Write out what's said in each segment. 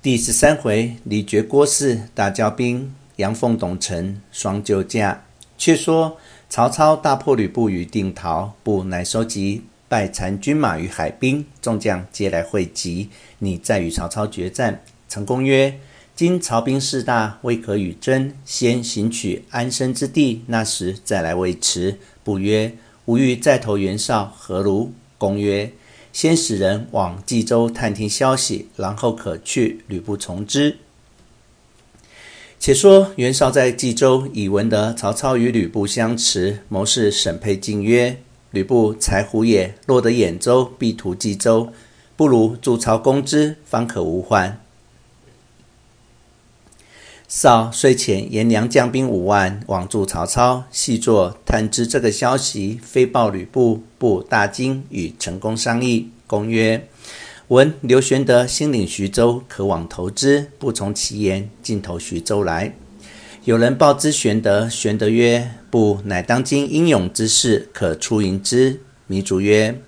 第十三回，李傕郭汜大交兵，楊奉董承雙救駕。卻說曹操大破呂布於定陶，布乃收集敗殘軍馬於海濱，眾將皆來會集。你再與曹操決戰。陳宮曰：“今曹兵勢大，未可與爭，先行取安身之地，那時再來未遲。”布曰：“吾欲再投袁紹，何如？”公曰：先使人往冀州探聽消息，然後可去。呂布從之。且說袁紹在冀州已聞得曹操與呂布相持，謀士審配進曰：“呂布豺虎也，若得兗州，必圖冀州，不如助曹攻之，方可無患。”紹遂遣顏良將兵五萬往助曹操，細作探知這個消息，飛報呂布。布大驚，與陳宮商議。公曰：“聞劉玄德新領徐州，可往投之。不從其言，徑投徐州來。”有人報知玄德。玄德曰：“布乃當今英勇之士，可出迎之。”糜竺曰：“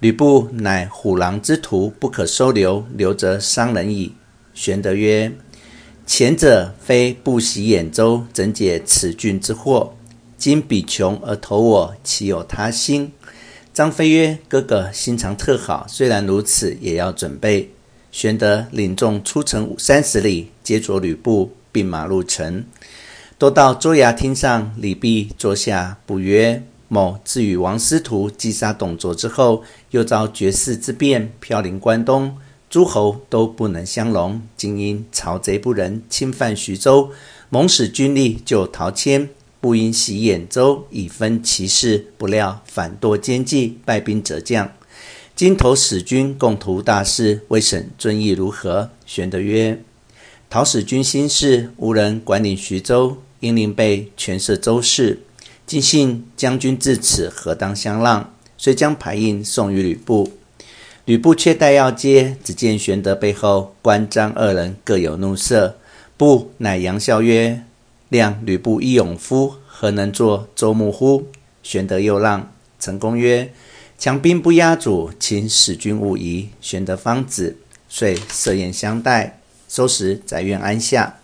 呂布乃虎狼之徒，不可收留。留則傷人矣。”玄德曰：前者非不喜兗州，怎解此郡之禍。今彼窮而投我，豈有他心？張飛曰：“哥哥心腸特好，雖然如此，也要準備。”玄德領眾出城三十里，接着呂布，並馬入城，都到州衙廳上，禮畢坐下，布曰，某自與王司徒擊殺董卓之後，又遭絕世之變，飄零關東。諸侯都不能相容，今因曹賊不仁，侵犯徐州，蒙使君力救陶謙，不因襲兗州以分其勢，不料反多奸計，敗兵折將。今投使君共圖大事，未審尊意如何？玄德曰：“陶使君心事無人管理徐州，因令備權攝州事。盡信將軍至此，何當相讓？遂將牌印送與呂布。”呂布卻待要接，只見玄德背後關張二人各有怒色。布乃佯笑曰：“量呂布一勇夫，何能做州牧乎？”玄德又讓陳宮曰：“強賓不壓主，請使君勿疑。”玄德方止，遂設宴相待，收拾宅院安下。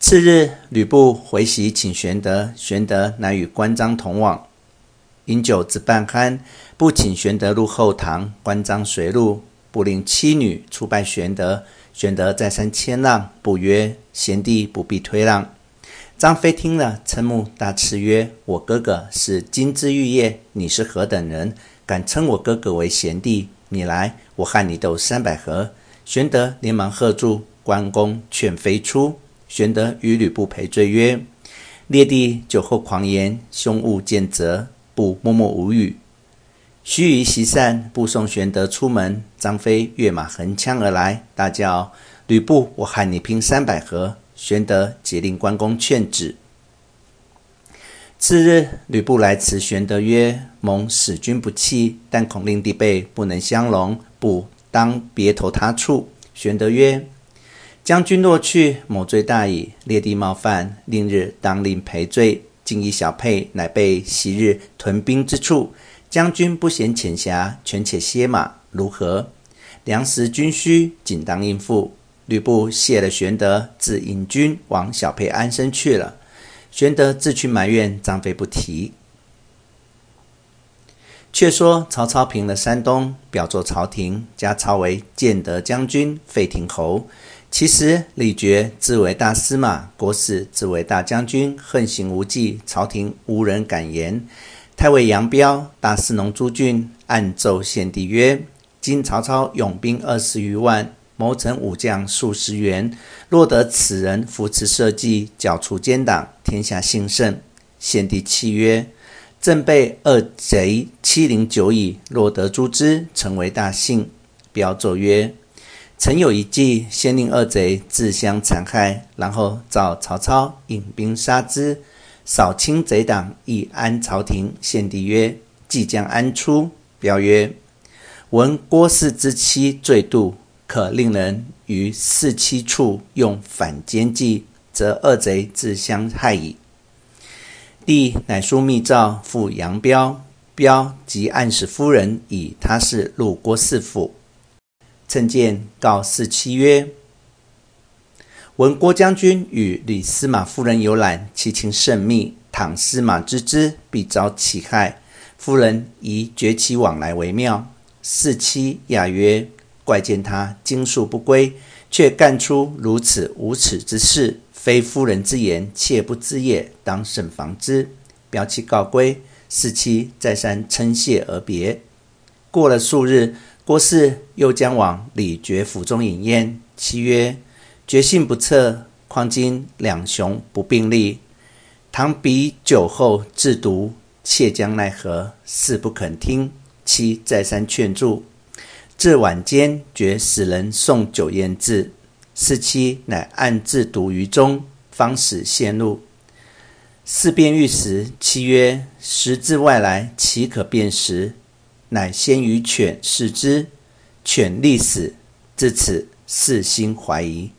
次日，呂布回席請玄德，玄德乃與關張同往。飲酒至半酣，不請玄德入後堂，關張隨入，不令妻女出拜玄德。玄德再三謙讓，不曰：“賢弟不必推讓。”張飛聽了，瞋目大叱，曰：“我哥哥是金枝玉葉，你是何等人，敢稱我哥哥為賢弟？你來，我和你鬥三百合。”玄德連忙喝住，關公勸飛出。玄德與呂布賠罪曰：“列弟酒後狂言，兄勿見責。”默默無語。須臾席散，布送玄德出門。張飛躍馬橫槍而來，大叫：“呂布，我喊你拼三百合！”玄德急令關公勸止。次日，呂布來辭玄德曰：“蒙使君不棄，但恐令弟輩不能相容，布當別投他處。”玄德曰：“將軍若去，某罪大矣。劣弟冒犯，令日當令賠罪。”近邑小沛，乃備昔日屯兵之處。將軍不嫌淺狹，權且歇馬，如何？糧食軍需，謹當應付。呂布謝了玄德，自引軍往小沛安身去了。玄德自去埋怨張飛，不提。卻說曹操平了山東，表奏朝廷，加操為建德將軍、費亭侯。其實李傕自為大司馬，郭汜自為大將軍，橫行無忌，朝廷無人敢言。太尉楊彪、大司農朱俊暗奏獻帝曰：“今曹操擁兵二十餘萬，謀臣武將數十員，若得此人扶持社稷，剿除奸黨，天下興盛。契約」獻帝泣曰：“朕被二賊欺凌久矣，若得誅之，成為大幸。約”彪奏曰。臣有一計，先令二賊自相殘害，然後召曹操引兵殺之，掃清賊黨，以安朝廷。獻帝曰：“計將安出？”彪曰：“聞郭汜之妻最妒，可令人於汜妻處用反間計，則二賊自相害矣。”帝乃書密詔付楊彪，彪即暗使夫人以他事入郭汜府。乘間告汜妻曰：“聞郭將軍與李司馬夫人有染，其情甚密。倘司馬知之，之，必遭其害。夫人宜絕其往來為妙。”汜妻訝曰：“怪見他經宿不歸，卻幹出如此無恥之事，非夫人之言，妾不知也。當慎防之。”彪妻告歸，汜妻再三稱謝而別。過了數日。郭汜又將往李傕府中飲宴，妻曰：“傕性不測，況今兩雄不並立，倘彼酒後置毒，妾將奈何？”汜不肯聽，妻再三勸住。至晚間，傕使人送酒宴至，汜妻乃暗置毒於中，方始呈入。汜便欲食，妻曰：“食自外來，豈可辨識？”乃先與犬試之，犬立死。自此，汜心懷疑。